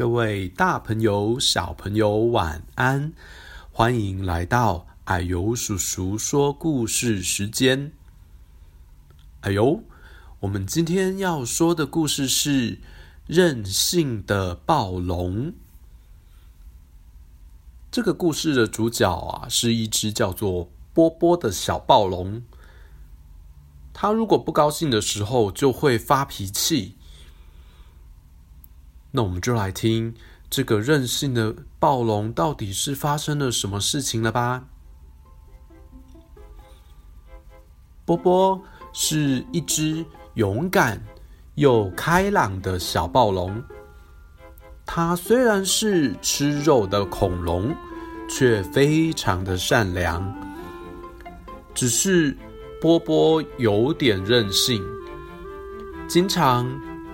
各位大朋友、小朋友，晚安！歡迎來到啊呦叔叔說故事時間。啊呦，我們今天要說的故事是《任性的暴龍》。這個故事的主角啊，是一隻叫做波波的小暴龍。他如果不高興的時候，就會發脾氣。那我們就來聽這個任性的暴龍到底是發生了什麼事情了吧？波波是一隻勇敢又開朗的小暴龍，它雖然是吃肉的恐龍，卻非常的善良。只是波波有點任性，經常，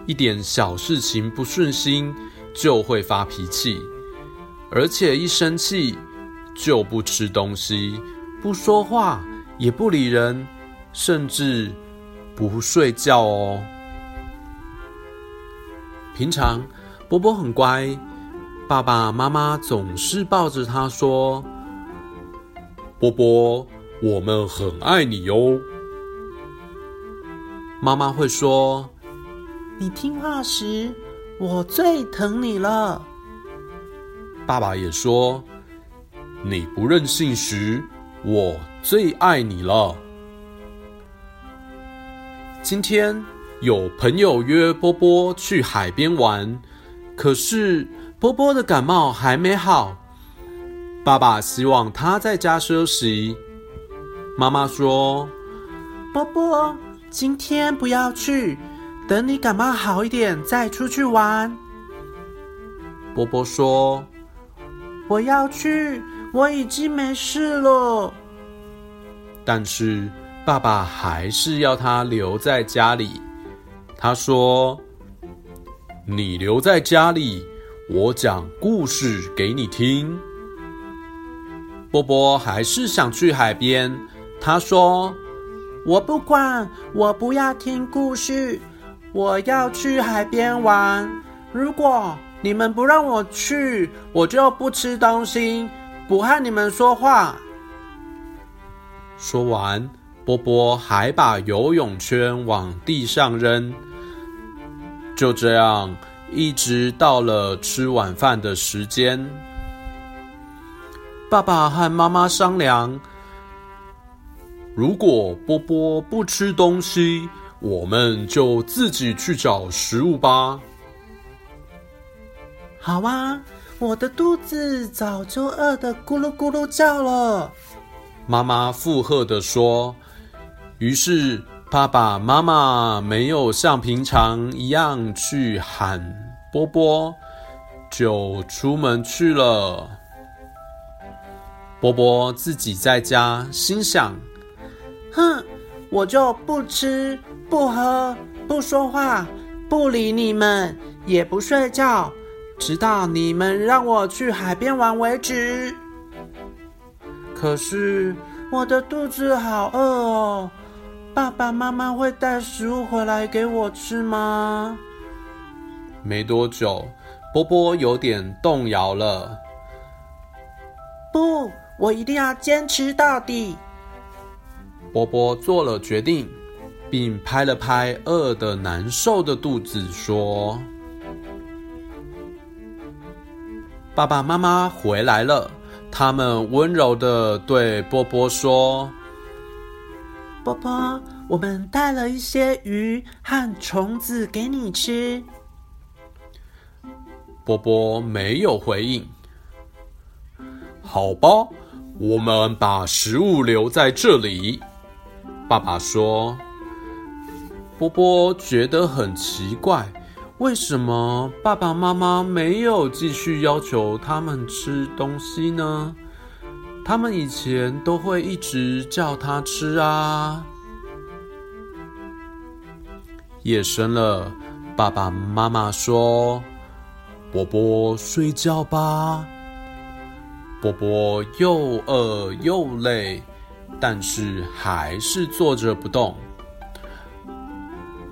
一點小事情不順心就會發脾氣，而且一生氣就不吃東西、不說話、也不理人，甚至不睡覺哦。平常波波很乖，爸爸媽媽總是抱着他說：“波波，我們很愛你喲。”媽媽會說，你聽話時，我最疼你了。爸爸也說，你不任性時，我最愛你了。今天有朋友約波波去海邊玩，可是波波的感冒還沒好。爸爸希望他在家休息。媽媽說：“波波，今天不要去。”等你感冒好一點再出去玩。波波說：“我要去，我已經沒事了。”但是爸爸還是要他留在家裡。他說：“你留在家裡，我講故事給你聽。”波波還是想去海邊。他說：“我不管，我不要聽故事。”我要去海邊玩，如果你們不讓我去，我就不吃東西，不和你們說話。說完，波波還把游泳圈往地上扔。就這樣，一直到了吃晚飯的時間。爸爸和媽媽商量，如果波波不吃東西。我們就自己去找食物吧。好啊，我的肚子早就餓得咕嚕咕嚕叫了。媽媽附和地說。於是爸爸媽媽沒有像平常一樣去喊波波，就出門去了。波波自己在家心想：哼，我就不吃。不喝，不說話，不理你們，也不睡覺，直到你們讓我去海邊玩為止。可是我的肚子好餓哦，爸爸媽媽會帶食物回來給我吃嗎？沒多久，波波有點動搖了。不，我一定要堅持到底。波波做了決定。並拍了拍餓得難受的肚子，說：“爸爸媽媽回來了。”他們溫柔地對波波說：“波波，我們帶了一些魚和蟲子給你吃。”波波沒有回應。“好吧，我們把食物留在這裡。”爸爸說。波波覺得很奇怪，為什麼爸爸媽媽沒有繼續要求他們吃東西呢？他們以前都會一直叫他吃啊。夜深了，爸爸媽媽說：“波波睡覺吧。”波波又餓又累，但是還是坐着不動。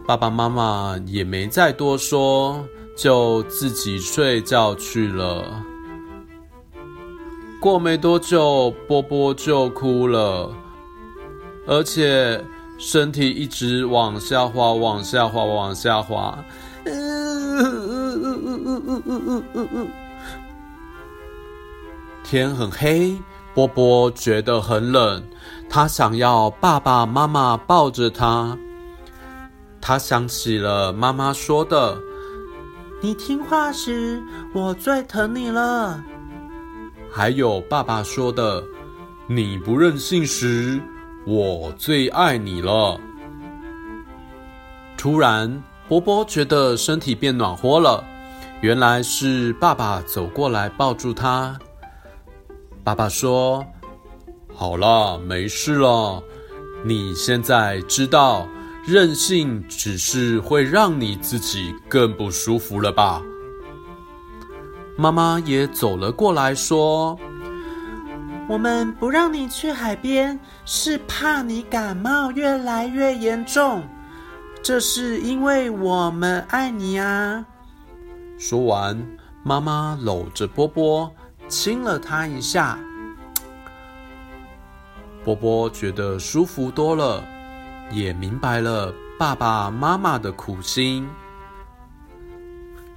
爸爸媽媽也沒再多說，就自己睡覺去了。過沒多久，波波就哭了，而且身體一直往下滑，往下滑，往下滑。天很黑，波波覺得很冷，他想要爸爸媽媽抱着他。他想起了媽媽說的：“你聽話時，我最疼你了。”還有爸爸說的：“你不任性時，我最愛你了。”突然，波波覺得身體變暖和了，原來是爸爸走過來抱住他。爸爸說：“好了，沒事了，你現在知道。”任性只是會讓你自己更不舒服了吧？媽媽也走了過來，說：“我們不讓你去海邊，是怕你感冒越來越嚴重。這是因為我們愛你啊。”說完，媽媽摟着波波，親了他一下。波波覺得舒服多了。也明白了爸爸媽媽的苦心。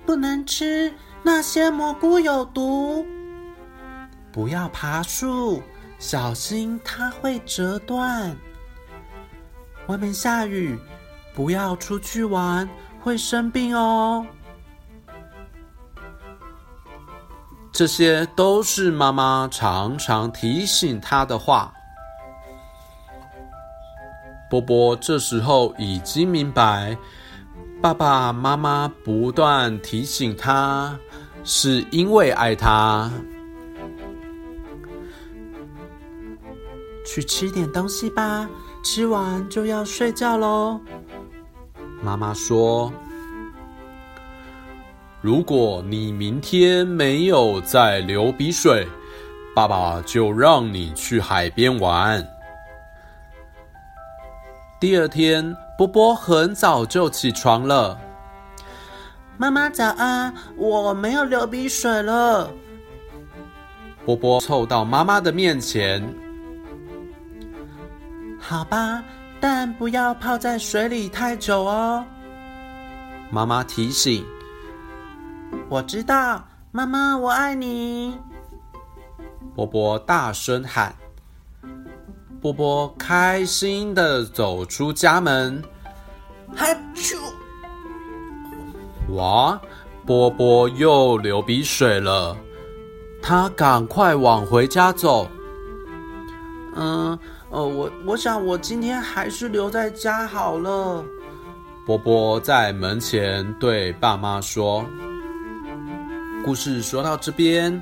不能吃那些蘑菇，有毒。不要爬樹，小心它會折斷。外面下雨，不要出去玩，會生病哦。這些都是媽媽常常提醒他的話。波波這時候已經明白，爸爸媽媽不斷提醒他，是因為愛他。去吃點東西吧，吃完就要睡覺嘍。媽媽說：“如果你明天沒有再流鼻水，爸爸就讓你去海邊玩。”第二天，波波很早就起床了。媽媽早安，我沒有流鼻水了。波波湊到媽媽的面前。好吧，但不要泡在水裡太久哦。媽媽提醒。我知道，媽媽我愛你。波波大聲喊。波波開心的走出家門。哇，波波又流鼻水了，他趕快往回家走。嗯，呃，我我想我今天還是留在家好了。波波在門前對爸媽說：“故事說到這邊。”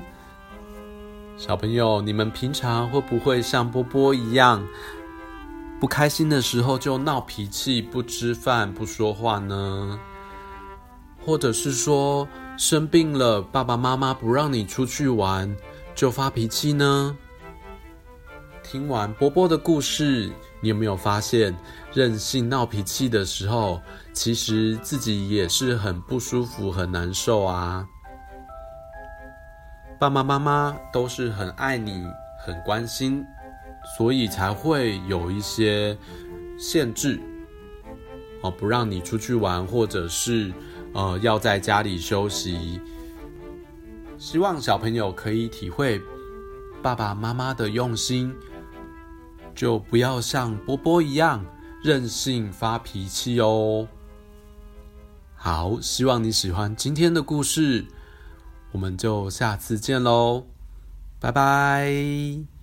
小朋友，你們平常會不會像波波一樣，不開心的時候就鬧脾氣、不吃飯、不說話呢？或者是說生病了，爸爸媽媽不讓你出去玩，就發脾氣呢？聽完波波的故事，你有沒有發現，任性鬧脾氣的時候，其實自己也是很不舒服、很難受啊？爸爸媽媽都是很愛你、很關心，所以才會有一些限制，哦，不讓你出去玩，或者是，呃，要在家裡休息。希望小朋友可以體會爸爸媽媽的用心，就不要像波波一樣任性發脾氣哦。好，希望你喜歡今天的故事。我們就下次見嘍，拜拜。